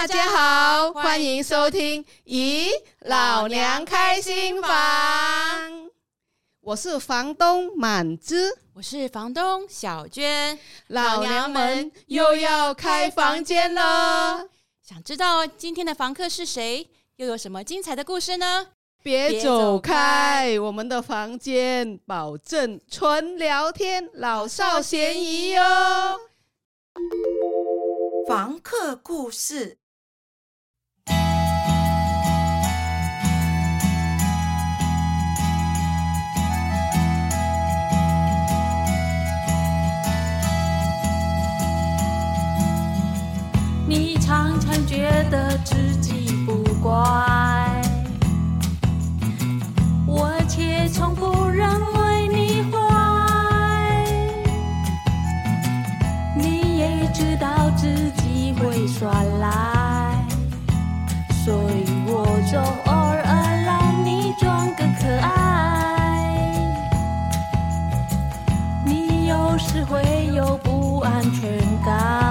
大家好，歡迎收聽《咦老娘開新房》。我是房東滿之，我是房東小娟。老娘們又要開房間了，想知道今天的房客是誰，又有什麼精彩的故事呢？別走開，我們的房間保證純聊天，老少咸宜喲。房客故事。你常常覺得自己不乖，我卻從不認為你壞。你也知道自己會耍賴，所以我就偶爾讓你裝個可愛。你有時會有不安全感。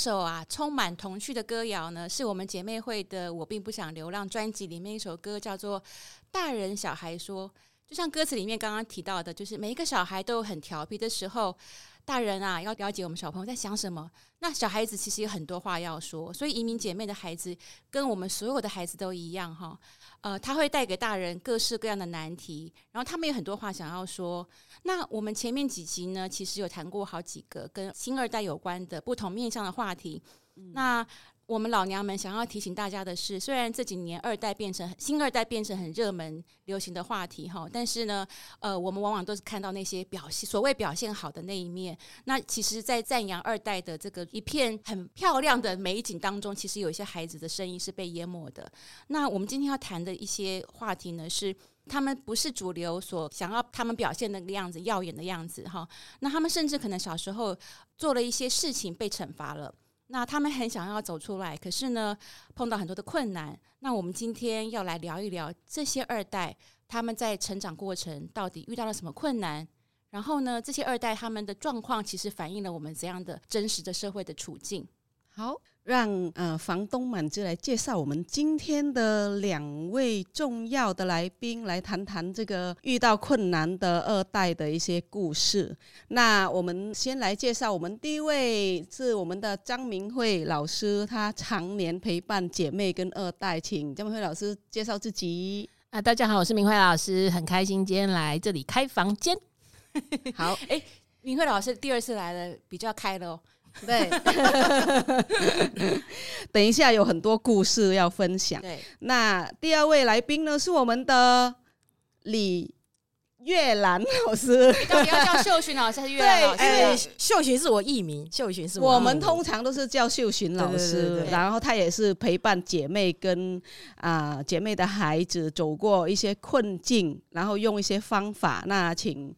這首啊，充滿童趣的歌謠呢，是我們姐妹會的《我並不想流浪》專輯裡面一首歌，叫做《大人小孩說》。就像歌詞裡面剛剛提到的，就是每一個小孩都很調皮的時候。大人啊，要了解我們小朋友在想什麼。那小孩子其實有很多話要說，所以移民姐妹的孩子跟我們所有的孩子都一樣哈。呃，他會帶給大人各式各樣的難題，然後他們有很多話想要說。那我們前面幾集呢，其實有談過好幾個跟新二代有關的不同面向的話題。嗯、那我們老娘們想要提醒大家的是，雖然這幾年二代變成新二代變成很熱門流行的話題哈，但是呢，呃，我們往往都是看到那些表現所謂表現好的那一面。那其實，在讚揚二代的這個一片很漂亮的美景當中，其實有一些孩子的聲音是被淹沒的。那我們今天要談的一些話題呢，是他們不是主流所想要他們表現的樣子，耀眼的樣子哈。那他們甚至可能小時候做了一些事情被懲罰了。那他們很想要走出來，可是呢，碰到很多的困難。那我們今天要來聊一聊這些二代他們在成長過程到底遇到了什麼困難，然後呢，這些二代他們的狀況其實反映了我們怎樣的真實的社會的處境。好，讓呃房東們就來介紹我們今天的兩位重要的來賓，來談談這個遇到困難的二代的一些故事。那我們先來介紹，我們第一位是我們的張明慧老師，她常年陪伴姐妹跟二代，請張明慧老師介紹自己啊、呃。大家好，我是明慧老師，很開心今天來這裡開房間。 好，哎，明慧老師第二次來了，比較開了哦。對 等一下有很多故事要分享。對，那第二位來賓呢是我們的李月蘭老師。你到底要叫秀珣老師還是月蘭老師對，哎？秀珣是我藝名，秀珣是我，我們通常都是叫秀珣老師。對對對對對，然後她也是陪伴姐妹跟啊、呃、姐妹的孩子走過一些困境，然後用一些方法。那請。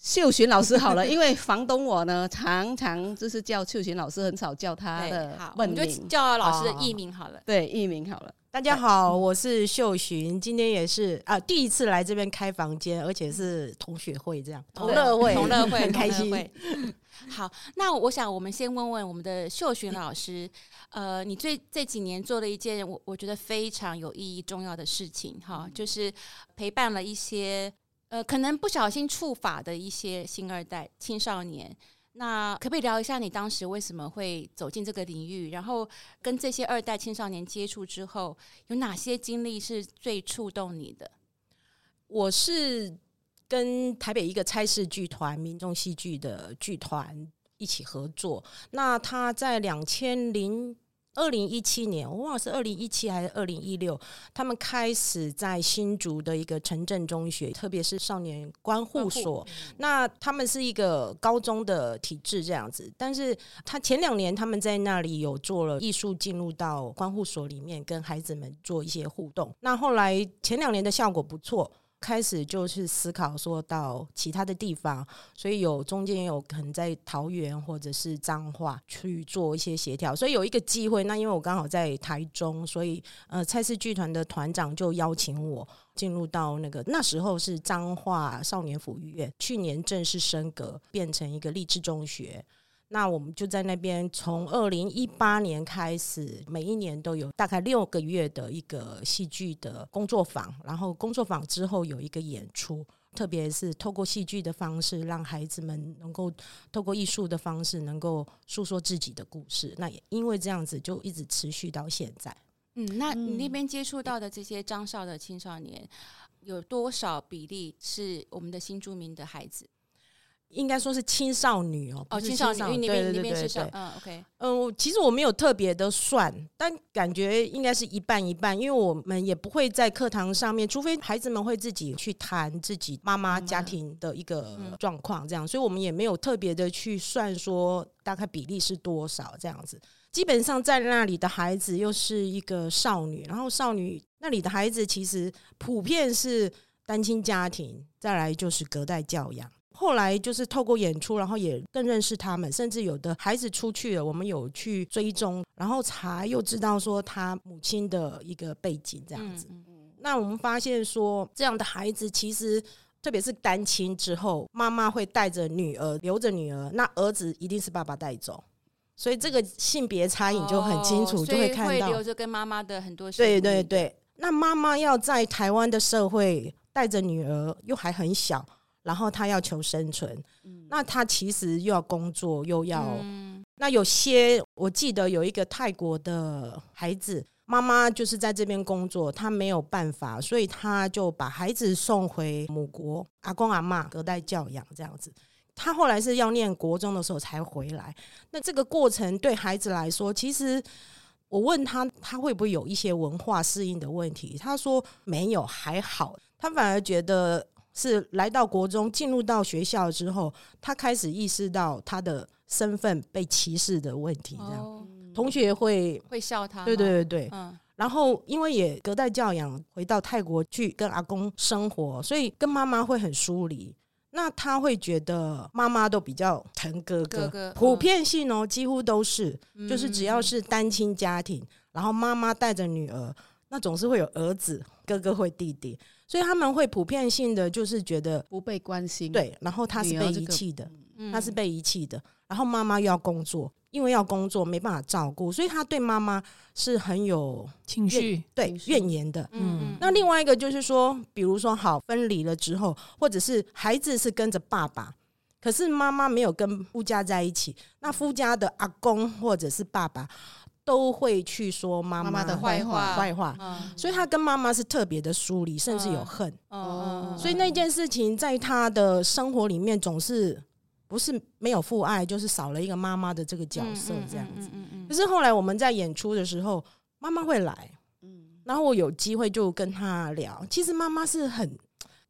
秀珣老師好了，因為房東我呢，常常就是叫秀珣老師，很少叫他的。好，就叫老師的藝名好了。哦、對，藝名好了。大家好，我是秀珣，今天也是啊，第一次來這邊開房間，而且是同學會這樣，同樂會，同樂會，很開心會會。好，那我想我們先問問我們的秀珣老師、嗯，呃，你最這幾年做了一件我我覺得非常有意義、重要的事情，哈，就是陪伴了一些。呃，可能不小心觸法的一些新二代青少年，那可不可以聊一下你當時為什麼會走進這個領域？然後跟這些二代青少年接觸之後，有哪些經歷是最觸動你的？我是跟台北一個差事劇團、民眾戲劇的劇團一起合作，那他在兩千零。二零一七年，我忘了是二零一七還是二零一六，他們開始在新竹的一個城鎮中學，特別是少年關護所，那他們是一個高中的體制這樣子。但是，他前兩年他們在那裡有做了藝術進入到關護所裡面，跟孩子們做一些互動。那後來前兩年的效果不錯。開始就是思考說到其他的地方，所以有中間有可能在桃園或者是彰化，去做一些協調，所以有一個機會。那因為我剛好在台中，所以呃，蔡氏劇團的團長就邀請我進入到那個那時候是彰化少年輔育院，去年正式升格變成一個勵志中學。那我們就在那邊，從二零一八年開始，每一年都有大概六個月的一個戲劇的工作坊，然後工作坊之後有一個演出，特別是透過戲劇的方式，讓孩子們能夠透過藝術的方式，能夠訴說自己的故事。那也因為這樣子，就一直持續到現在，嗯。嗯，那你那邊接觸到的這些張少的青少年，有多少比例是我們的新住民的孩子？應該說是青少女哦、喔，哦青少女、哦、青少女對對對對對，那邊那邊是小，嗯，OK，嗯，我、呃、其實我沒有特別的算，但感覺應該是一半一半，因為我們也不會在課堂上面，除非孩子們會自己去談自己媽媽家庭的一個狀況，這樣，所以我們也沒有特別的去算說大概比例是多少這樣子。基本上在那裡的孩子又是一個少女，然後少女那裡的孩子其實普遍是單親家庭，再來就是隔代教養。後來就是透過演出，然後也更認識他們，甚至有的孩子出去了，我們有去追蹤，然後查又知道說他母親的一個背景這樣子。嗯嗯嗯、那我們發現說，這樣的孩子其實特別是單親之後，媽媽會帶着女兒留着女兒，那兒子一定是爸爸帶走，所以這個性別差異就很清楚，就、哦、會看到留着跟媽媽的很多的。對對對，那媽媽要在台灣的社會帶着女兒，又還很小。然後他要求生存、嗯，那他其實又要工作，又要、嗯、那有些我記得有一個泰國的孩子，媽媽就是在這邊工作，他沒有辦法，所以他就把孩子送回母國，阿公阿嬤隔代教養這樣子。他後來是要念國中的時候才回來，那這個過程對孩子來說，其實我問他，他會不會有一些文化適應的問題？他說沒有，還好，他反而覺得。是來到國中，進入到學校之後，他開始意識到他的身份被歧視的問題。這樣、哦，同學會會笑他。對對對對，嗯、然後，因為也隔代教養，回到泰國去跟阿公生活，所以跟媽媽會很疏離。那他會覺得媽媽都比較疼哥哥。哥哥、嗯、普遍性哦，幾乎都是，就是只要是單親家庭，嗯、然後媽媽帶着女兒，那總是會有兒子，哥哥會弟弟。所以他們會普遍性的就是覺得不被關心，對，然後他是被遺棄的，他是被遺棄的，然後媽媽又要工作，因為要工作沒辦法照顧，所以他對媽媽是很有情緒，對，怨言的。嗯，嗯，那另外一個就是說，比如說好分離了之後，或者是孩子是跟着爸爸，可是媽媽沒有跟夫家在一起，那夫家的阿公或者是爸爸。都會去說媽媽、媽媽的壞話，壞話、嗯，所以他跟媽媽是特別的疏離、嗯，甚至有恨。哦、嗯嗯嗯，所以那件事情在他的生活裡面總是不是沒有父愛，就是少了一個媽媽的這個角色這樣子、嗯嗯嗯嗯。可是後來我們在演出的時候，媽媽會來，嗯，然後我有機會就跟他聊，其實媽媽是很。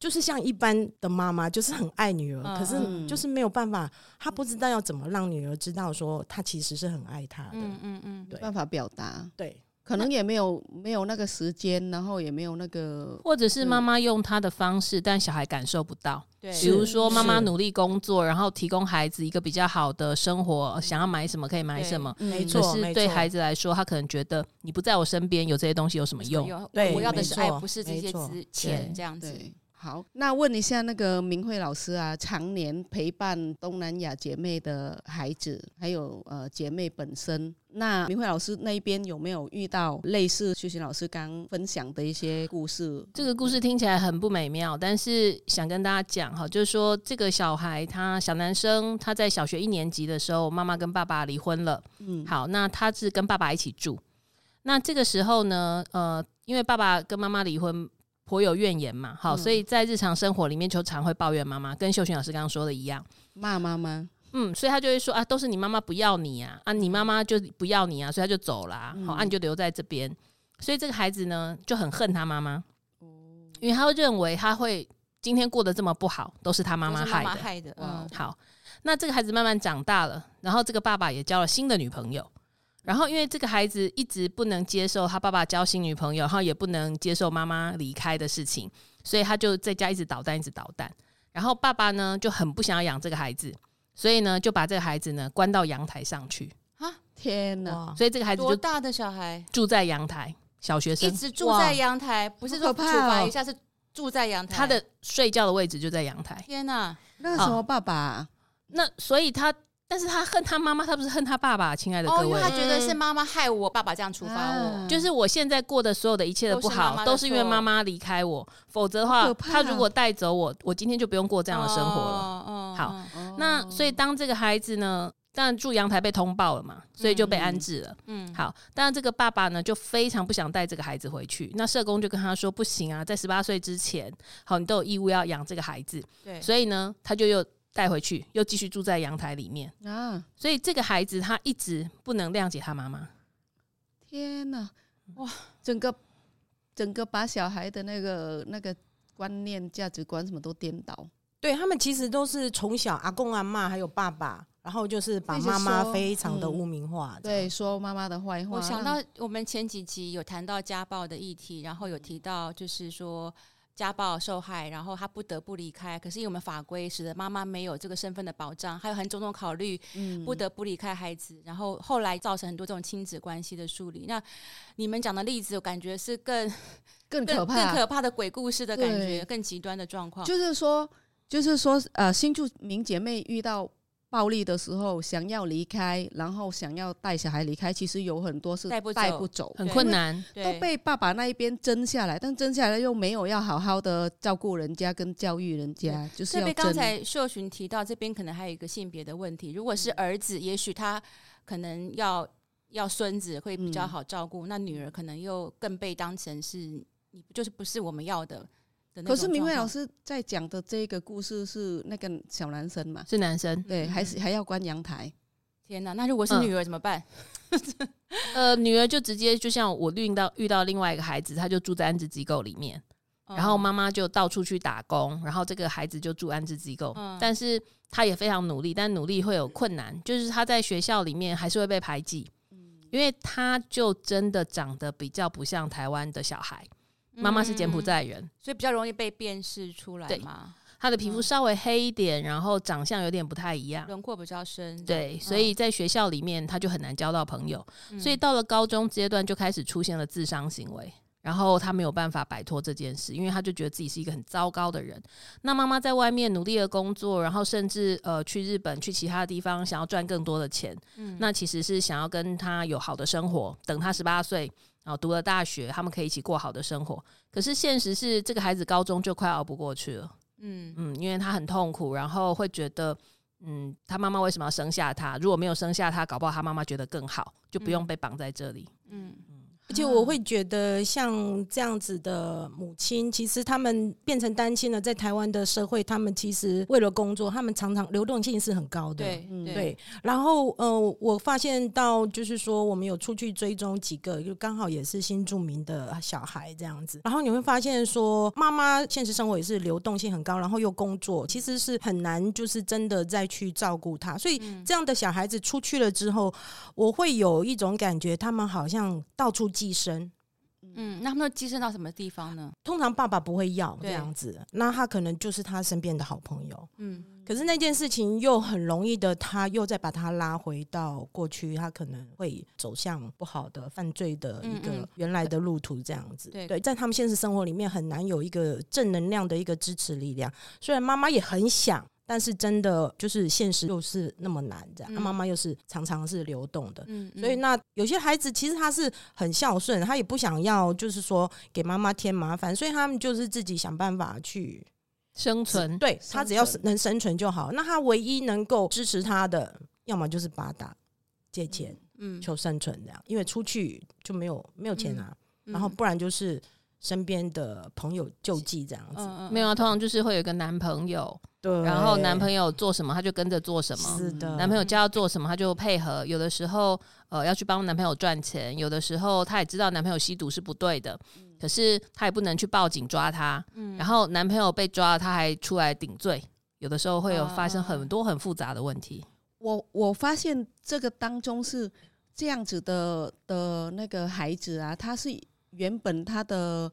就是像一般的媽媽，就是很愛女兒、嗯，可是就是沒有辦法、嗯，她不知道要怎麼讓女兒知道說她其實是很愛她的，嗯嗯，嗯對，辦法表達對，可能也沒有沒有那個時間，然後也沒有那個，或者是媽媽用她的方式、嗯，但小孩感受不到，對，比如說媽媽努力工作，然後提供孩子一個比較好的生活，想要買什麼可以買什麼，嗯、沒錯，是對孩子來說，他可能覺得你不在我身邊，有這些東西有什麼用？這個、對，我要的是愛，不是這些錢，這樣子。對好，那問一下那個明慧老師啊，常年陪伴東南亞姐妹的孩子，還有呃姐妹本身，那明慧老師那一邊有沒有遇到類似秀珣老師剛分享的一些故事？這個故事聽起來很不美妙，但是想跟大家講哈，就是說這個小孩他小男生，他在小學一年級的時候，媽媽跟爸爸離婚了，嗯，好，那他是跟爸爸一起住，那這個時候呢，呃，因為爸爸跟媽媽離婚。頗有怨言嘛，好、嗯，所以在日常生活裡面就常會抱怨媽媽，跟秀珣老師剛剛說的一樣，罵媽媽，嗯，所以他就會說啊，都是你媽媽不要你啊，啊，你媽媽就不要你啊，所以他就走了，嗯，好，啊，你就留在這邊，所以這個孩子呢就很恨他媽媽，因為他會認為他會今天過得這麼不好，都是他媽媽害的，都是媽媽害的，嗯，好，那這個孩子慢慢長大了，然後這個爸爸也交了新的女朋友。然後，因為這個孩子一直不能接受他爸爸交新女朋友，然後也不能接受媽媽離開的事情，所以他就在家一直搗蛋，一直搗蛋。然後爸爸呢就很不想養這個孩子，所以呢就把這個孩子呢關到陽台上去。啊！天吶！所以這個孩子多大的小孩住在陽台？小學生，小小學生一直住在陽台，不是說處罰一下，哦，是住在陽台。他的睡覺的位置就在陽台。天吶、哦，那個什麼爸爸，啊哦，那所以他。但是他恨他媽媽，他不是恨他爸爸。親愛的各位，哦、因為他覺得是媽媽害我，嗯、我爸爸這樣處罰我、啊，就是我現在過的所有的一切的不好，都是，媽媽都是因為媽媽離開我。否則的話，他如果帶走我，我今天就不用過這樣的生活了。哦哦、好，哦、那所以當這個孩子呢，當然住陽台被通報了嘛，所以就被安置了。嗯，好，但這個爸爸呢，就非常不想帶這個孩子回去。那社工就跟他說：“不行啊，在十八歲之前，好，你都有義務要養這個孩子。”對，所以呢，他就又。帶回去又繼續住在陽台裡面啊！所以這個孩子他一直不能諒解他媽媽。天哪、啊，哇！整個整個把小孩的那個那個觀念、價值觀什麼都顛倒。對他們其實都是從小阿公阿嬤，還有爸爸，然後就是把媽媽非常的污名化，嗯、對，說媽媽的壞話。我想到我們前幾集有談到家暴的議題、嗯，然後有提到就是說。家暴受害，然後他不得不離開。可是因為我們法規，使得媽媽沒有這個身份的保障，還有很種種考慮，不得不離開孩子、嗯。然後後來造成很多這種親子關係的疏離。那你們講的例子，我感覺是更更可怕、啊更、更可怕的鬼故事的感覺，更極端的狀況。就是說，就是說，呃，新住民姐妹遇到。暴力的時候，想要離開，然後想要帶小孩離開，其實有很多是帶不走，帶不走很困難，都被爸爸那一邊爭下來。但爭下來又沒有要好好的照顧人家跟教育人家，就是因為剛才秀珣提到這邊可能還有一個性別的問題。如果是兒子，嗯、也許他可能要要孫子會比較好照顧、嗯，那女兒可能又更被當成是你就是不是我們要的。可是明慧老師在講的這個故事是那個小男生嘛？是男生，對，嗯嗯還是還要關陽台？天哪、啊！那如果是女兒怎麼辦？嗯、 呃，女兒就直接就像我遇到遇到另外一個孩子，他就住在安置機構裡面，然後媽媽就到處去打工，然後這個孩子就住安置機構，嗯、但是他也非常努力，但努力會有困難，就是他在學校裡面還是會被排擠，因為他就真的長得比較不像台灣的小孩。媽媽是柬埔寨人、嗯，所以比較容易被辨識出來嘛。對，她的皮膚稍微黑一點、嗯，然後長相有點不太一樣，輪廓比較深。對，對嗯、所以在學校裡面她就很難交到朋友、嗯，所以到了高中階段就開始出現了自傷行為。嗯、然後她沒有辦法擺脫這件事，因為她就覺得自己是一個很糟糕的人。那媽媽在外面努力的工作，然後甚至呃去日本去其他的地方，想要賺更多的錢。嗯、那其實是想要跟她有好的生活。等她十八歲。然後讀了大學，他們可以一起過好的生活。可是現實是，這個孩子高中就快熬不過去了。嗯嗯，因為他很痛苦，然後會覺得，嗯，他媽媽為什麼要生下他？如果沒有生下他，搞不好他媽媽覺得更好，就不用被綁在這裡。嗯。嗯而且我會覺得，像這樣子的母親，其實他們變成單親了，在台灣的社會，他們其實為了工作，他們常常流動性是很高的對，嗯。對，對。然後，呃，我發現到就是說，我們有出去追蹤幾個，就剛好也是新住民的小孩這樣子。然後你會發現說，媽媽現實生活也是流動性很高，然後又工作，其實是很難就是真的再去照顧他。所以，這樣的小孩子出去了之後，嗯，我會有一種感覺，他們好像到處。寄生，嗯，那他們要寄生到什麼地方呢？通常爸爸不會要這樣子，那他可能就是他身邊的好朋友，嗯，可是那件事情又很容易的，他又再把他拉回到過去，他可能會走向不好的犯罪的一個原來的路途，這樣子，嗯嗯對對，對，在他們現實生活裡面很難有一個正能量的一個支持力量，雖然媽媽也很想。但是真的就是現實又是那麼難的，他媽媽又是常常是流動的，所以那有些孩子其實他是很孝順，他也不想要就是說給媽媽添麻煩，所以他們就是自己想辦法去生存，對，他只要能生存就好。那他唯一能夠支持他的，要麼就是八大借錢，嗯，求生存這樣，因為出去就沒有沒有錢拿，然後不然就是。身邊的朋友救濟這樣子沒有啊？通常就是會有一個男朋友，對，然後男朋友做什麼，他就跟着做什麼。是的，男朋友叫他做什麼，他就配合。有的時候，呃，要去幫男朋友賺錢；有的時候，他也知道男朋友吸毒是不對的，可是他也不能去報警抓他。嗯，然後男朋友被抓了，他還出來頂罪。有的時候會有發生很多很複雜的問題。嗯，我我發現這個當中是這樣子的的那個孩子啊，他是。原本他的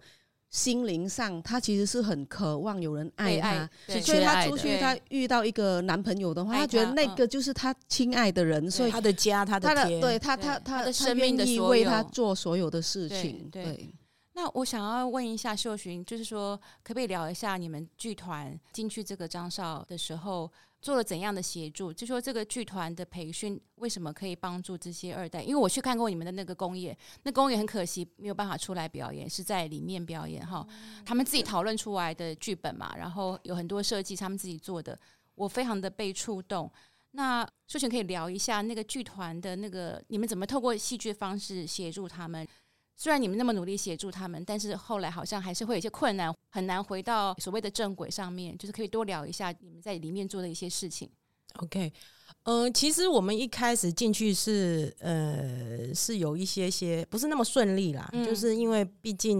心靈上，他其實是很渴望有人愛他，愛，所以他出去，他遇到一個男朋友的話，他覺得那個就是他親愛的人，所以他的家，他的，他的天，對他，他他的，生命的他願意為他做所有的事情。對，對對，那我想要問一下秀珣，就是說，可不可以聊一下你們劇團進去這個張少的時候？做了怎樣的協助？就說這個劇團的培訓為什麼可以幫助這些二代？因為我去看過你們的那個公演，那公演很可惜沒有辦法出來表演，是在裡面表演哈、嗯。他們自己討論出來的劇本嘛，然後有很多設計他們自己做的，我非常的被觸動。那秀珣可以聊一下那個劇團的那個，你們怎麼透過戲劇方式協助他們？雖然你們那麼努力協助他們，但是後來好像還是會有一些困難，很難回到所謂的正軌上面。就是可以多聊一下你們在裡面做的一些事情。OK，嗯、呃，其實我們一開始進去是呃是有一些些不是那麼順利啦、嗯，就是因為畢竟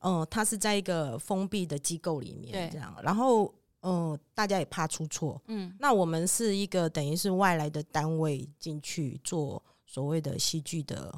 嗯他、呃、是在一個封閉的機構裡面這樣，然後呃大家也怕出錯，嗯，那我們是一個等於是外來的單位進去做所謂的戲劇的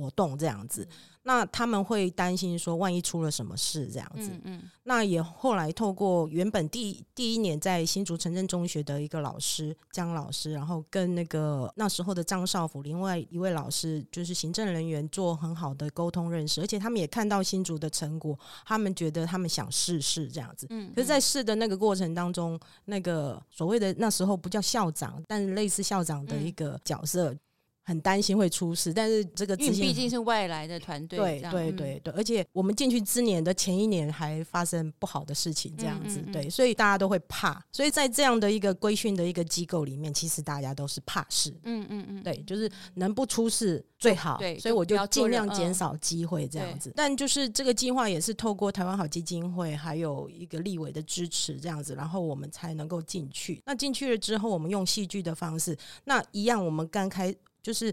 活動這樣子，那他們會擔心說，萬一出了什麼事這樣子。嗯，嗯。那也後來透過原本第第一年在新竹誠正中學的一個老師江老師，然後跟那個那時候的張少福，另外一位老師就是行政人員做很好的溝通認識，而且他們也看到新竹的成果，他們覺得他們想試試這樣子。嗯，嗯。可是，在試的那個過程當中，那個所謂的那時候不叫校長，但類似校長的一個角色。嗯，嗯。很擔心會出事，但是這個畢竟是外來的團隊，對對對對，而且我們進去之年的前一年還發生不好的事情，這樣子，嗯嗯嗯，對，所以大家都會怕，所以在這樣的一個規訓的一個機構裡面，其實大家都是怕事，嗯嗯嗯，對，就是能不出事最好，哦、對，所以我就儘量減少機會這樣子，嗯嗯。但就是這個計劃也是透過台灣好基金會，還有一個立委的支持這樣子，然後我們才能夠進去。那進去了之後，我們用戲劇的方式，那一樣我們剛開。就是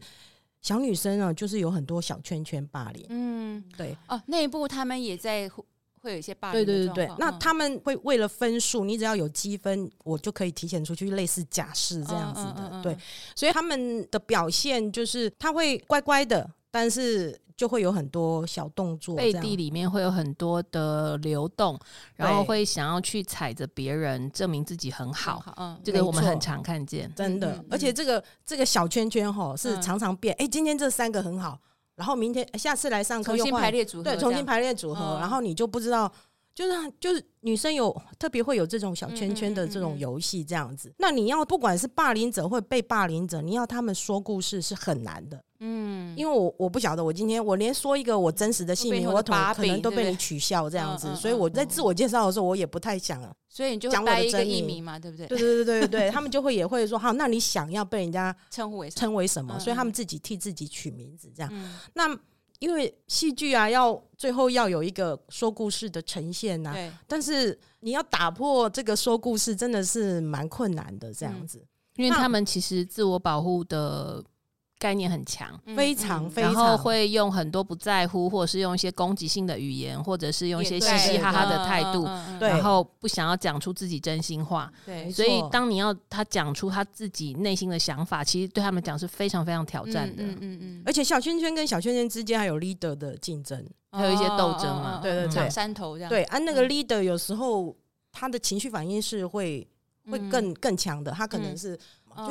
小女生啊，就是有很多小圈圈霸凌。嗯，對。哦，內部他們也在會有一些霸凌。對對對對。嗯，那他們會為了分數，你只要有積分，我就可以提前出去，類似假釋這樣子的。嗯嗯嗯嗯嗯。對，所以他們的表現就是他會乖乖的，但是，就會有很多小動作，背地裡面會有很多的流動，嗯、然後會想要去踩着別人，證明自己很好，這、嗯、個我們很常看見，嗯、真的、嗯。而且這個、嗯、這個小圈圈吼是常常變，哎、嗯，今天這三個很好，然後明天下次來上課又重新排列組合，對，重新排列組合，嗯、然後你就不知道。就是就是女生有特別會有這種小圈圈的這種遊戲這樣子，嗯、嗯、嗯，那你要不管是霸凌者或被霸凌者，你要他們說故事是很難的。嗯，因為我我不曉得，我今天我連說一個我真實的姓名的，我可能都被你取笑這樣子，對對對，所以我在自我介紹的時候，我也不太想啊。所以你就講一個藝名嘛，對不對？對對對對對， 他們就會也會說，好，那你想要被人家稱呼為稱為什麼，為什麼、嗯？所以他們自己替自己取名字這樣。嗯、那。因為戲劇啊，要最後要有一個說故事的呈現吶啊，但是你要打破這個說故事，真的是蠻困難的這樣子，嗯。因為他們其實自我保護的。概念很強、嗯，非常非常、嗯，然後會用很多不在乎，或者是用一些攻擊性的語言，或者是用一些嘻嘻哈哈的態度，對，然後不想要講出自己真心話。對，對，所以當你要他講出他自己內心的想法，其實對他們講是非常非常挑戰的。嗯嗯，嗯，嗯。而且小圈圈跟小圈圈之間還有 leader 的競爭，還有一些鬥爭嘛，哦哦哦哦。對對對。嗯、長山頭這樣對，而、啊、那個 leader 有時候他的情緒反應是會會更、嗯、更強的，他可能是。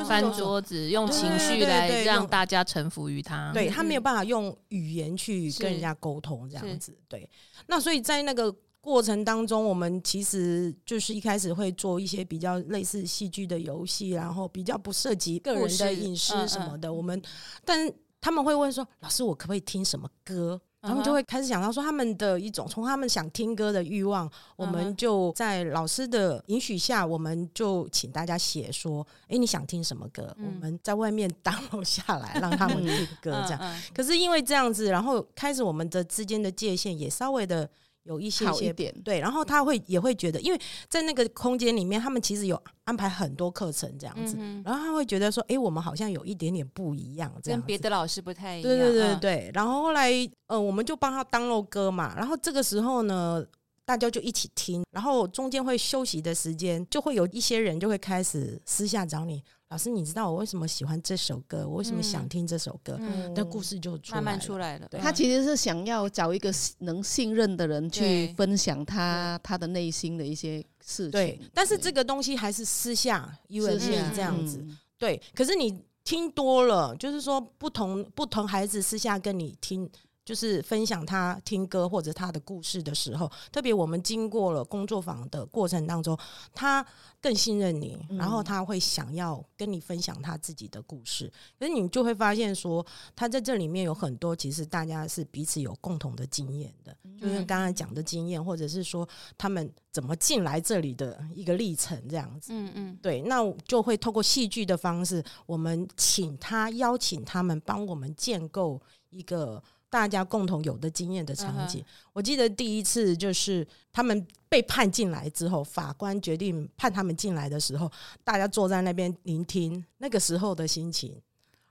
翻桌子，用情緒來讓大家臣服於他，嗯、對他沒有辦法用語言去跟人家溝通這樣子對。那所以在那個過程當中，我們其實就是一開始會做一些比較類似戲劇的遊戲，然後比較不涉及個人的隱私什麼的，嗯。我們，但他們會問說：“老師，我可不可以聽什麼歌？”然後就會開始想到說他們的一種，從他們想聽歌的欲望，我們就在老師的允許下，我們就請大家寫說，哎，你想聽什麼歌？我們在外面 download 下來，讓他們聽歌這樣。可是因為這樣子，然後開始我們的之間的界限也稍微的。有一些，一些一點對，然後他會、嗯、也會覺得，因為在那個空間裡面，他們其實有安排很多課程這樣子、嗯，然後他會覺得說，哎、欸，我們好像有一點點不一樣，這樣，跟別的老師不太一樣。對對對對，啊、然後後來，呃，我們就幫他 download 歌嘛，然後這個時候呢。大家就一起聽，然後中間會休息的時間，就會有一些人就會開始私下找你，老師，你知道我為什麼喜歡這首歌？嗯、我為什麼想聽這首歌？嗯，的故事就慢慢出來了對、嗯。他其實是想要找一個能信任的人去分享他他，他的內心的一些事情對，對，但是這個東西還是私下、私下因為是這樣子、嗯，對。可是你聽多了，就是說不同不同孩子私下跟你聽。就是分享他聽歌或者他的故事的時候，特別我們經過了工作坊的過程當中，他更信任你，然後他會想要跟你分享他自己的故事。可是你就會發現說，他在這裡面有很多，其實大家是彼此有共同的經驗的，就像剛剛講的經驗，或者是說他們怎麼進來這裡的一個歷程，這樣子。嗯嗯。對，那就會透過戲劇的方式，我們請他邀請他們幫我們建構一個。大家共同有的經驗的場景。我記得第一次就是他們被判進來之後，法官決定判他們進來的時候，大家坐在那邊聆聽那個時候的心情，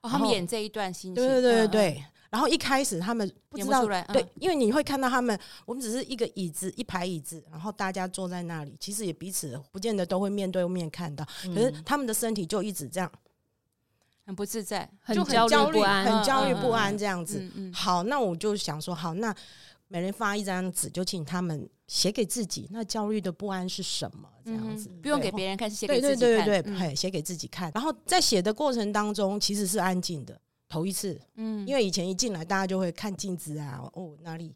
他們演這一段心情，對對對對對，對。然後一開始他們不知道，對，因為你會看到他們，我們只是一個椅子，一排椅子，然後大家坐在那裡，其實也彼此不見得都會面對面看到，可是他們的身體就一直這樣。很不自在，就很焦慮，很焦慮不、嗯、不安這樣子、嗯嗯。好，那我就想說，好，那每人發一張紙，就請他們寫給自己。那焦慮的不安是什麼？這樣子、嗯、不用給別人看，寫給自己看。對對對對，寫、嗯、給自己看。然後在寫的過程當中，其實是安靜的。頭一次，嗯、因為以前一進來，大家就會看鏡子啊，哦，哪裡？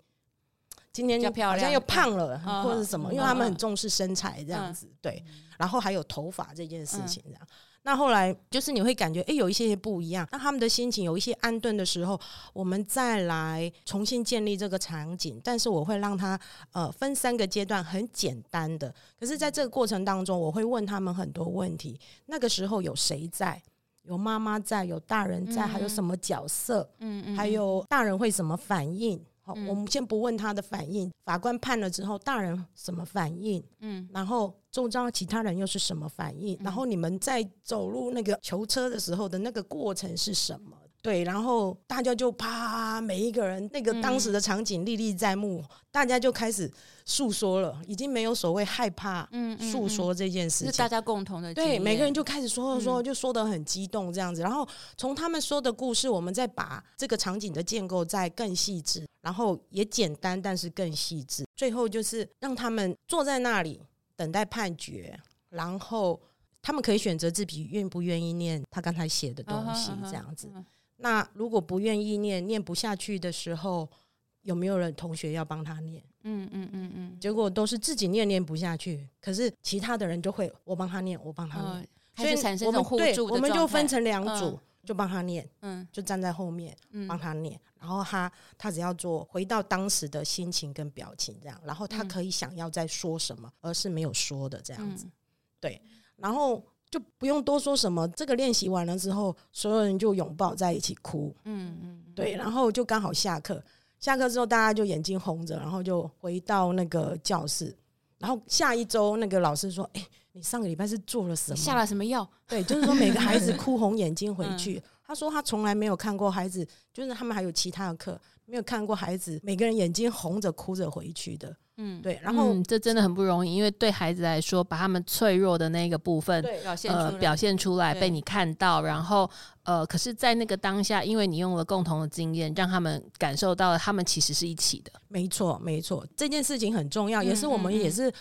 今天又漂亮，又胖了，或者是什麼、嗯？因為他們很重視身材這樣子。嗯、對，然後還有頭髮這件事情這樣。嗯那後來就是你會感覺哎，有一些些不一樣，那他們的心情有一些安頓的時候，我們再來重新建立這個場景。但是我會讓他呃分三個階段，很簡單的。可是在這個過程當中，我會問他們很多問題。那個時候有誰在？有媽媽在？有大人在？還有什麼角色？嗯嗯，嗯。還有大人會什麼反應？好，我們先不問他的反應，嗯，法官判了之後，大人什麼反應？嗯，然後周遭其他人又是什麼反應？嗯，然後你們在走入那個囚車的時候的那個過程是什麼？嗯對，然後大家就啪，每一個人那個當時的場景歷歷在目，嗯、大家就開始訴說了，已經沒有所謂害怕，嗯，訴說這件事情、嗯嗯嗯，是大家共同的，對，每個人就開始說了說，嗯，就說得很激動這樣子。然後從他們說的故事，我們再把這個場景的建構再更細緻，然後也簡單，但是更細緻。最後就是讓他們坐在那裡等待判決，然後他們可以選擇自己願不願意念他剛才寫的東西，這樣子。Uh-huh, uh-huh, uh-huh, uh-huh. 那如果不願意念、念不下去的時候，有沒有人同學要幫他念？嗯嗯嗯嗯。結果都是自己念念不下去，可是其他的人就會我幫他念，我幫他念。嗯、所以我們產生一種互助的狀態。對，我們就分成兩組，嗯、就幫他念，嗯，就站在後面幫、嗯、他念，然後他他只要做回到當時的心情跟表情這樣，然後他可以想要再說什麼，嗯、而是沒有說的這樣子。嗯、對，然後。就不用多說什麼，這個練習完了之後，所有人就擁抱在一起哭。嗯嗯，嗯，對，然後就剛好下課，下課之後大家就眼睛紅着，然後就回到那個教室。然後下一周那個老師說：“哎、欸，你上個禮拜是做了什麼？下了什麼藥？”對，就是說每個孩子哭紅眼睛回去。 他說他從來沒有看過孩子，就是他們還有其他的課，沒有看過孩子每個人眼睛紅着哭着回去的。嗯，對，然後嗯，這真的很不容易，因為對孩子來說，把他們脆弱的那個部分現、呃、表現出來，表現出來被你看到，然後呃，可是，在那個當下，因為你用了共同的經驗，讓他們感受到了他們其實是一起的。沒錯，沒錯，這件事情很重要，嗯、也是我們也是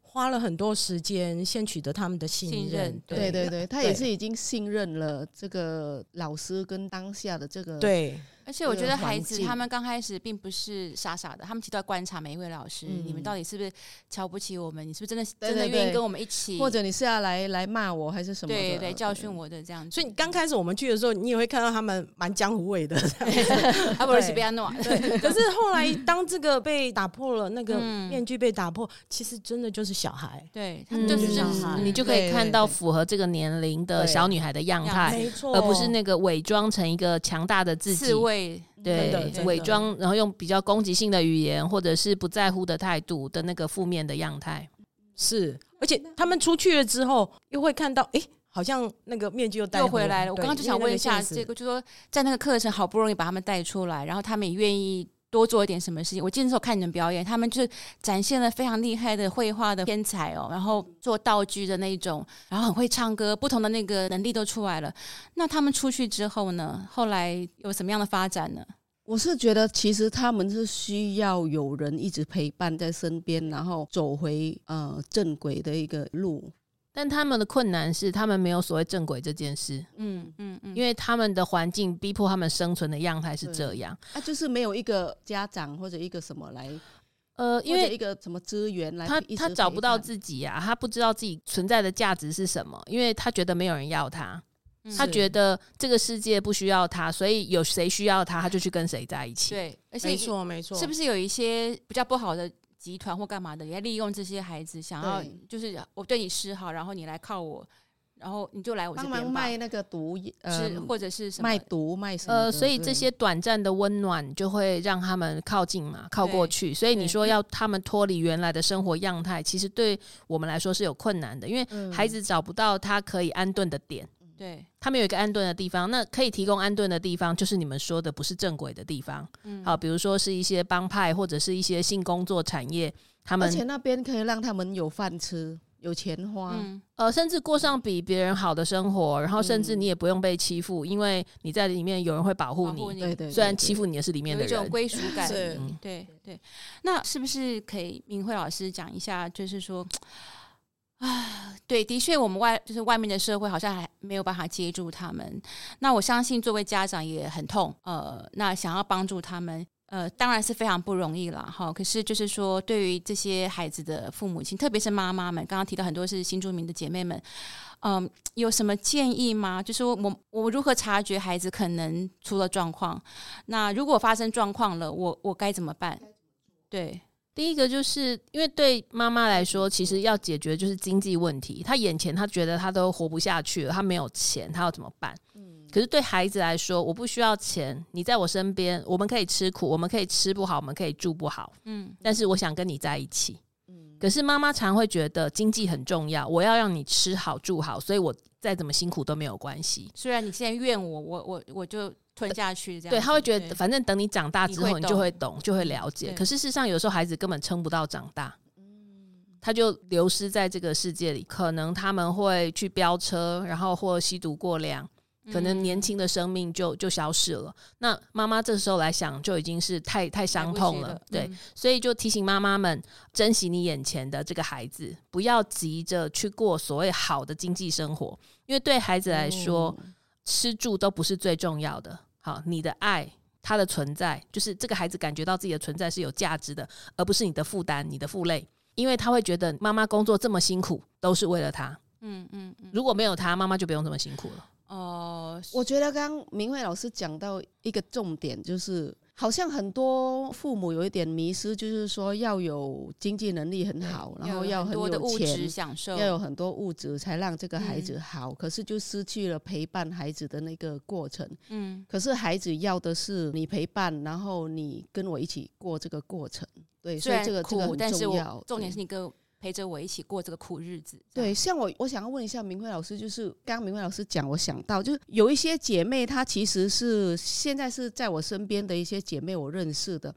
花了很多時間先取得他們的信任，信任，對。對對對，他也是已經信任了這個老師跟當下的這個對。而且我覺得孩子他們剛開始並不是傻傻的，他們其實都在觀察每一位老師、嗯，你們到底是不是瞧不起我們？你是不是真的真的願意跟我們一起？或者你是要來來罵我還是什麼、啊？對，對對，教訓我的這樣子。所以你剛開始我們去的時候，你也會看到他們蠻江湖味的。啊不然是被他弄，對。可是後來，當這個被打破了，那個面具被打破，嗯、其實真的就是小孩。對，他們就是小孩、嗯，你就可以看到符合這個年齡的小女孩的樣態，沒錯，而不是那個偽裝成一個強大的自己。對，對，偽裝，然後用比較攻擊性的語言，或者是不在乎的態度的那個負面的樣態，是。而且他們出去了之後，又會看到，哎，好像那個面具又帶回來了。來了，我剛剛就想問一下，這個就是說在那個課程好不容易把他們帶出來，然後他們也願意，多做一點什麼事情。我記得的時候看你們表演，他們就是展現了非常厲害的繪畫的天才哦，然後做道具的那一種，然後很會唱歌，不同的那個能力都出來了。那他們出去之後呢？後來有什麼樣的發展呢？我是覺得，其實他們是需要有人一直陪伴在身邊，然後走回呃正軌的一個路。但他們的困難是，他們沒有所謂正軌這件事。嗯嗯嗯，因為他們的環境逼迫他們生存的樣態是這樣、嗯、啊，就是沒有一個家長或者一個什麼來，呃，因為一個什麼資源來。他他找不到自己呀、啊，他不知道自己存在的價值是什麼，因為他覺得沒有人要他，嗯、他覺得這個世界不需要他，所以有誰需要他，他就去跟誰在一起。對，而且沒錯沒錯，是不是有一些比較不好的？集團或幹嘛的，也利用這些孩子，想要就是我對你示好，然後你來靠我，然後你就來我這邊吧。賣那個毒是，呃，或者是什麼賣毒賣什麼？呃，所以這些短暫的溫暖就會讓他們靠近嘛，靠過去。所以你說要他們脫離原來的生活樣態，其實對我們來說是有困難的，因為孩子找不到他可以安頓的點。嗯對他們有一個安頓的地方，那可以提供安頓的地方，就是你們說的不是正規的地方。嗯，好、啊，比如說是一些幫派或者是一些性工作產業，他們而且那邊可以讓他們有飯吃、有錢花、嗯嗯，呃，甚至過上比別人好的生活，然後甚至你也不用被欺負，因為你在裡面有人會保護你。你對、對、對、對對，雖然欺負你也是裡面的人，有種歸屬感。嗯、對、對對，那是不是可以明慧老師講一下，就是說？啊，對，的確，我們外就是外面的社會好像還沒有辦法接住他們。那我相信作為家長也很痛，呃，那想要幫助他們，呃，當然是非常不容易了哈。可是就是說，對於這些孩子的父母親，特別是媽媽們，剛剛提到很多是新住民的姐妹們，嗯、呃，有什麼建議嗎？就是我我如何察覺孩子可能出了狀況？那如果發生狀況了，我我該怎麼辦？對。第一個就是，因為對媽媽來說，其實要解決就是經濟問題。她眼前她覺得她都活不下去了，她沒有錢，她要怎麼辦？嗯。可是對孩子來說，我不需要錢，你在我身邊，我們可以吃苦，我們可以吃不好，我們可以住不好，嗯。但是我想跟你在一起。嗯。可是媽媽常會覺得經濟很重要，我要讓你吃好住好，所以我再怎麼辛苦都沒有關係。雖然你現在怨我，我我我就。吞下去，這樣子對他會覺得，反正等你長大之後你，你就會懂，就會了解。可是事實上，有時候孩子根本撐不到長大，他就流失在這個世界裡。可能他們會去飆車，然後或吸毒過量，可能年輕的生命就就消失了。嗯、那媽媽這時候來想，就已經是太太傷痛了。對、嗯，所以就提醒媽媽們，珍惜你眼前的這個孩子，不要急着去過所謂好的經濟生活，因為對孩子來說，嗯、吃住都不是最重要的。好，你的愛，他的存在，就是這個孩子感覺到自己的存在是有價值的，而不是你的負擔、你的負累，因為他會覺得媽媽工作這麼辛苦，都是為了他。嗯嗯嗯，如果沒有他，媽媽就不用這麼辛苦了。哦、呃，我覺得剛剛明慧老師講到一個重點，就是。好像很多父母有一點迷失，就是說要有經濟能力很好，然後要很有錢，很多的物質享受，要有很多物質才讓這個孩子好，嗯，可是就失去了陪伴孩子的那個過程。嗯，可是孩子要的是你陪伴，然後你跟我一起過這個過程。對，所以這個、這個、很重要，我重點是你跟。陪着我一起過這個苦日子。對，像我，我想要問一下明慧老師，就是剛剛明慧老師講，我想到就是有一些姐妹，她其實是現在是在我身邊的一些姐妹，我認識的，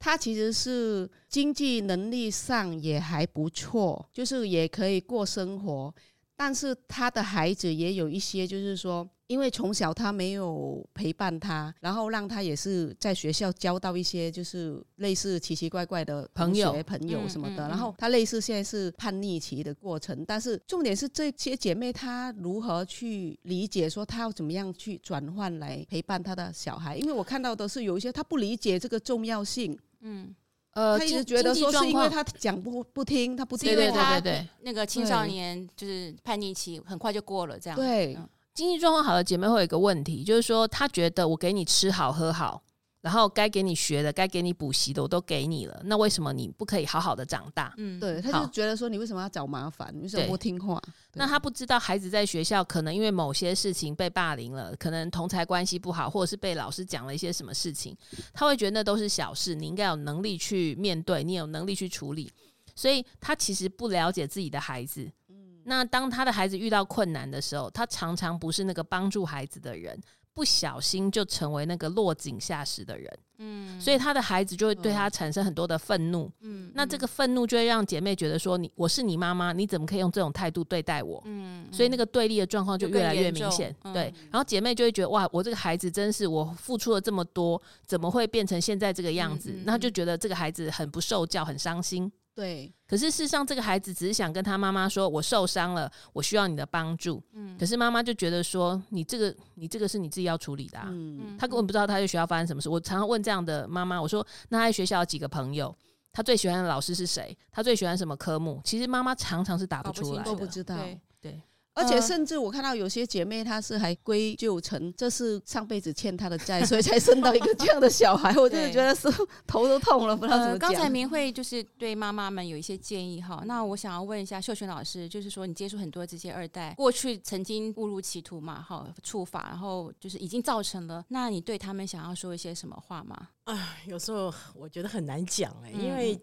她其實是經濟能力上也還不錯，就是也可以過生活。但是他的孩子也有一些，就是說，因為從小他沒有陪伴他，然後讓他也是在學校交到一些就是類似奇奇怪怪的朋友，朋友什麼的，嗯嗯嗯。然後他類似現在是叛逆期的過程，但是重點是這些姐妹她如何去理解，說她要怎麼樣去轉換來陪伴他的小孩？因為我看到的是有一些他不理解這個重要性，嗯。呃，他一直覺得說是因為他講不不聽，他不聽。對對對對，是因為他那個青少年就是叛逆期很快就過了，這樣。對，對，嗯，經濟狀況好的姐妹會有一個問題，就是說她覺得我給你吃好喝好。然後該給你學的，該給你補習的，我都給你了。那為什麼你不可以好好的長大？嗯，對，他就覺得說你為什麼要找麻煩？你為什麼不聽話？那他不知道孩子在學校可能因為某些事情被霸凌了，可能同才關係不好，或者是被老師講了一些什麼事情，他會覺得那都是小事，你應該有能力去面對，你有能力去處理。所以他其實不了解自己的孩子。嗯，那當他的孩子遇到困難的時候，他常常不是那個幫助孩子的人。不小心就成為那個落井下石的人，嗯，所以他的孩子就會對他產生很多的憤怒，嗯，嗯，那這個憤怒就會讓姐妹覺得說你，我是你媽媽，你怎麼可以用這種態度對待我？嗯，嗯，所以那個對立的狀況就越來越明顯，嗯，對。然後姐妹就會覺得哇，我這個孩子真是我付出了這麼多，怎麼會變成現在這個樣子？嗯，嗯，那就覺得這個孩子很不受教，很傷心。對，可是事實上，這個孩子只是想跟他媽媽說：“我受傷了，我需要你的幫助。”嗯，可是媽媽就覺得說：“你這個，你這個是你自己要處理的啊。”嗯，他根本不知道他在學校發生什麼事。我常常問這樣的媽媽，我說：“那他在學校有幾個朋友？他最喜歡的老師是誰？他最喜歡什麼科目？”其實媽媽常常是打不出來的，我不知道。對。對而且甚至我看到有些姐妹，她是還歸咎成這是上輩子欠她的債，所以才生到一個這樣的小孩。我真的覺得是頭都痛了，不知道怎麼講、嗯。剛才明慧就是對媽媽們有一些建議哈。那我想要問一下秀珣老師，就是說你接觸很多這些二代，過去曾經誤入歧途嘛，哈，觸法，然後就是已經造成了。那你對他們想要說一些什麼話嗎？啊、呃，有時候我覺得很難講誒、嗯，因為。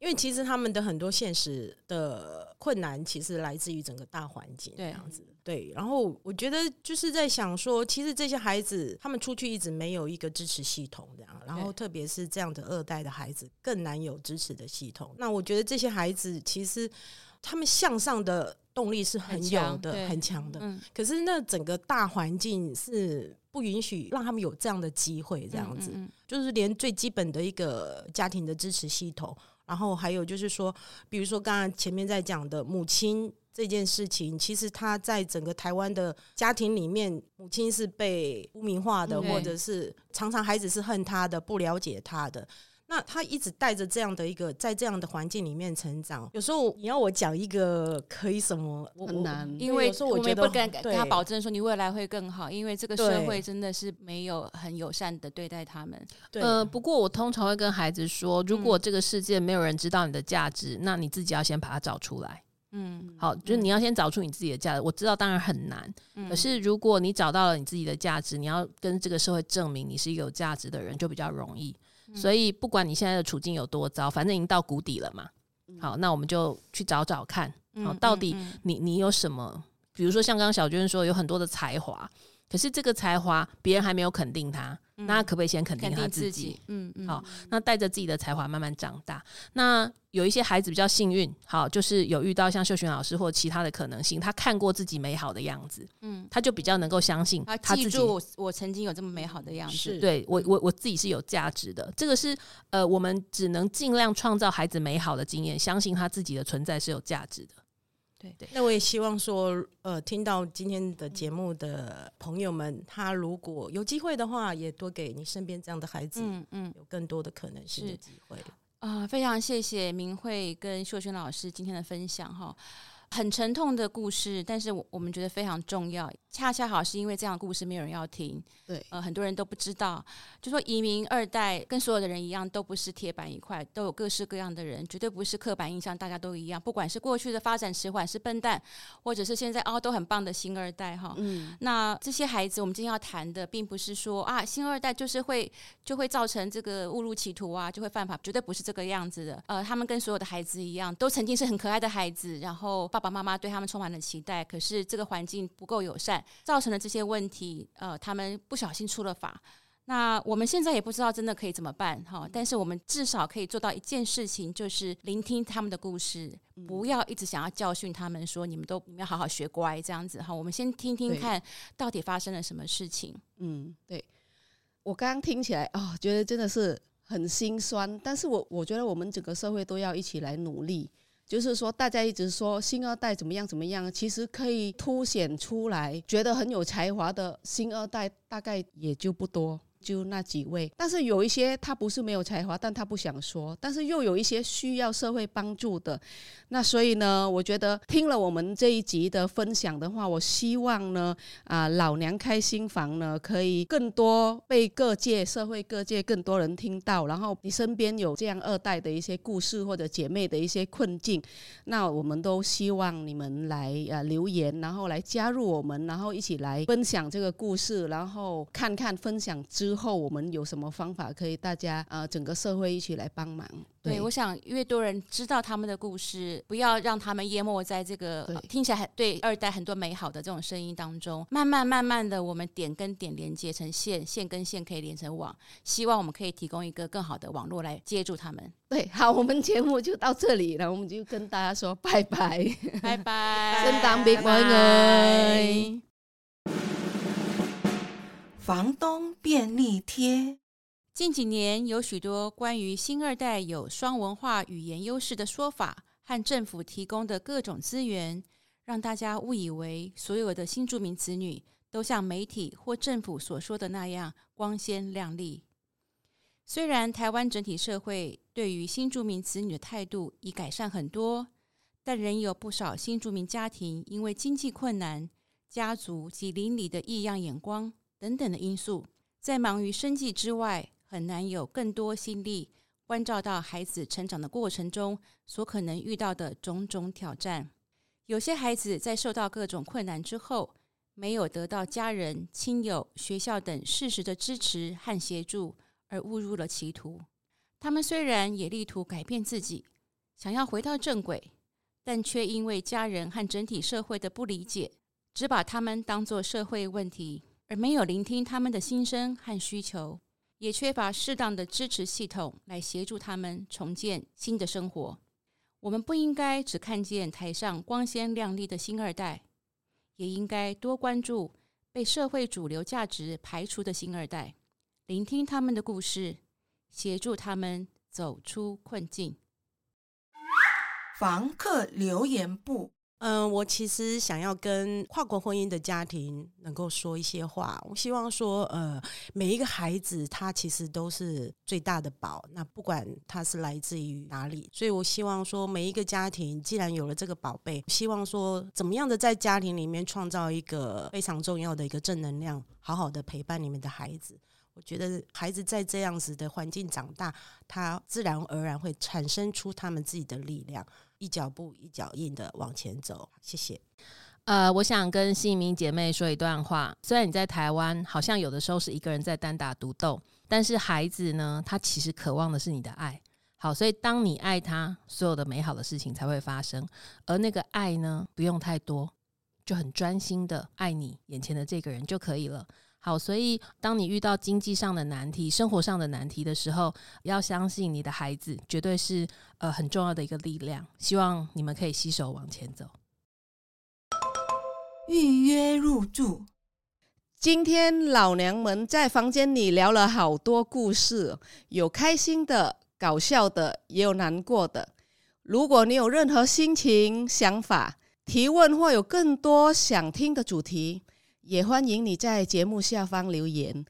因為其實他們的很多現實的困難，其實來自於整個大環境這樣子。對，然後我覺得就是在想說，其實這些孩子他們出去一直沒有一個支持系統，這樣。然後特別是這樣的二代的孩子更難有支持的系統。那我覺得這些孩子其實他們向上的動力是很有的，很強，很強的、嗯。可是那整個大環境是不允許讓他們有這樣的機會，這樣子。嗯嗯嗯，就是連最基本的一個家庭的支持系統。然後還有就是說，比如說剛剛前面在講的母親這件事情，其實他在整個台灣的家庭裡面，母親是被污名化的，嗯、或者是常常孩子是恨他的，不了解他的。那他一直帶着這樣的一個，在這樣的環境裡面成長。有時候你要我講一個可以什麼很難，我我因為我覺得不敢跟他保證說你未來會更好，因為這個社會真的是沒有很友善的對待他們對。呃，不過我通常會跟孩子說，如果這個世界沒有人知道你的價值、嗯，那你自己要先把它找出來。嗯，好，就是、你要先找出你自己的價值。我知道，當然很難、嗯。可是如果你找到了你自己的價值，你要跟這個社會證明你是一個有價值的人，就比較容易。所以，不管你現在的處境有多糟，反正已經到谷底了嘛。好，那我們就去找找看，好，嗯，哦，到底你你有什麼？比如說，像剛小娟說，有很多的才華。可是這個才華別人還沒有肯定他，嗯、那他可不可以先肯定他自己？肯定自己，嗯，好，嗯、那帶着自己的才華慢慢長大，嗯。那有一些孩子比較幸運，好，就是有遇到像秀珣老師或其他的可能性，他看過自己美好的樣子，嗯，他就比較能夠相信他，他、啊、記住我，我曾經有這麼美好的樣子。是對我，我我自己是有價值的，嗯。這個是呃，我們只能盡量創造孩子美好的經驗，相信他自己的存在是有價值的。對對，那我也希望說，呃，聽到今天的節目的朋友們，他如果有機會的話，也多給你身邊這樣的孩子，嗯嗯，有更多的可能性的機會。啊、呃，非常謝謝明慧跟秀珣老師今天的分享，哈。很沉痛的故事，但是我我們覺得非常重要。恰恰好是因為這樣的故事沒有人要聽，對，呃，很多人都不知道。就說移民二代跟所有的人一樣，都不是鐵板一塊，都有各式各樣的人，絕對不是刻板印象，大家都一樣。不管是過去的發展遲緩是笨蛋，或者是現在哦都很棒的新二代哈。嗯。那這些孩子我們今天要談的，並不是說啊新二代就是會就會造成這個誤入歧途啊，就會犯法，絕對不是這個樣子的。呃，他們跟所有的孩子一樣，都曾經是很可愛的孩子，然後。爸爸媽媽對他們充滿了期待，可是這個環境不夠友善，造成了這些問題。呃，他們不小心出了法。那我們現在也不知道真的可以怎麼辦哈。但是我們至少可以做到一件事情，就是聆聽他們的故事，不要一直想要教訓他們，說你們都你們要好好學乖這樣子哈。我們先聽聽看，到底發生了什麼事情？嗯，對。我剛剛聽起來啊、哦，覺得真的是很心酸。但是我我覺得我們整個社會都要一起來努力。就是說，大家一直說新二代怎麼樣怎麼樣，其實可以凸顯出來，覺得很有才華的新二代大概也就不多。就那幾位，但是有一些他不是沒有才華，但他不想說，但是又有一些需要社會幫助的。那所以呢，我覺得聽了我們這一集的分享的話，我希望呢，啊老娘開新房呢，可以更多被各界社會各界更多人聽到。然後你身邊有這樣二代的一些故事或者姐妹的一些困境，那我們都希望你們來呃、啊、留言，然後來加入我們，然後一起來分享這個故事，然後看看分享之後我們有什麼方法可以大家，呃，整個社會一起來幫忙對？對，我想越多人知道他們的故事，不要讓他們淹沒在這個、呃、聽起來很對二代很多美好的這種聲音當中。慢慢慢慢的，我們點跟點連接成線，線跟線可以連成網。希望我們可以提供一個更好的網絡來接住他們。對，好，我們節目就到這裡了，我們就跟大家說拜拜，拜 拜，再見，別忘記。房東便利貼。近幾年有許多關於新二代有雙文化語言優勢的說法，和政府提供的各種資源，讓大家誤以為所有的新住民子女都像媒體或政府所說的那樣光鮮亮麗。雖然台灣整體社會對於新住民子女的態度已改善很多，但仍有不少新住民家庭因為經濟困難、家族及鄰里的異樣眼光。等等的因素，在忙於生計之外，很難有更多心力關照到孩子成長的過程中所可能遇到的種種挑戰。有些孩子在受到各種困難之後，沒有得到家人、親友、學校等適時的支持和協助，而誤入了歧途。他們雖然也力圖改變自己，想要回到正軌，但卻因為家人和整體社會的不理解，只把他們當作社會問題，而沒有聆聽他們的心聲和需求，也缺乏適當的支持系統來協助他們重建新的生活。我們不應該只看見台上光鮮亮麗的新二代，也應該多關注被社會主流價值排除的新二代，聆聽他們的故事，協助他們走出困境。房客留言簿。嗯、呃，我其實想要跟跨國婚姻的家庭能夠說一些話。我希望說，呃，每一個孩子他其實都是最大的寶。那不管他是來自於哪裡，所以我希望說，每一個家庭既然有了這個寶貝，希望說怎麼樣的在家庭裡面創造一個非常重要的一個正能量，好好的陪伴你們的孩子。我覺得孩子在這樣子的環境長大，他自然而然會產生出他們自己的力量。一腳步一腳印的往前走，謝謝。呃，我想跟新移民姐妹說一段話。雖然你在台灣，好像有的時候是一個人在單打獨鬥，但是孩子呢，他其實渴望的是你的愛。好，所以當你愛他，所有的美好的事情才會發生。而那個愛呢，不用太多，就很專心的愛你眼前的這個人就可以了。好，所以當你遇到經濟上的難題、生活上的難題的時候，要相信你的孩子絕對是呃很重要的一個力量。希望你們可以攜手往前走。預約入住。今天老娘們在房間裡聊了好多故事，有開心的、搞笑的，也有難過的。如果你有任何心情、想法、提問，或有更多想聽的主題，也歡迎你在節目下方留言，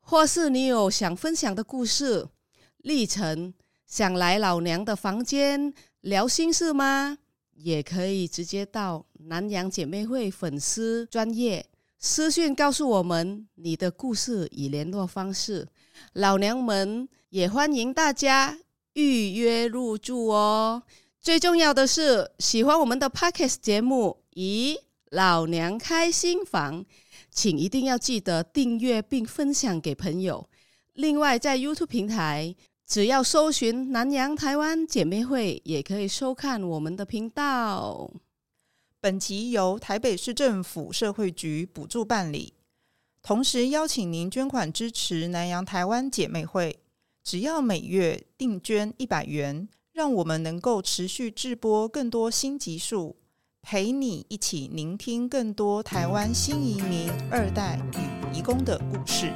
或是你有想分享的故事、歷程，想來老娘的房間聊心事嗎？也可以直接到南洋姐妹會粉絲專業私訊告訴我們你的故事與聯絡方式。老娘們也歡迎大家預約入住哦。最重要的是，喜歡我們的 Podcast 節目，咦？老娘開新房，請一定要記得訂閱並分享給朋友。另外，在 YouTube 平台，只要搜尋“南洋台灣姐妹會”，也可以收看我們的頻道。本集由台北市政府社會局補助辦理，同時邀請您捐款支持南洋台灣姐妹會。只要每月定捐一百元，讓我們能夠持續製播更多新集數。陪你一起聆聽更多台灣新移民二代與移工的故事。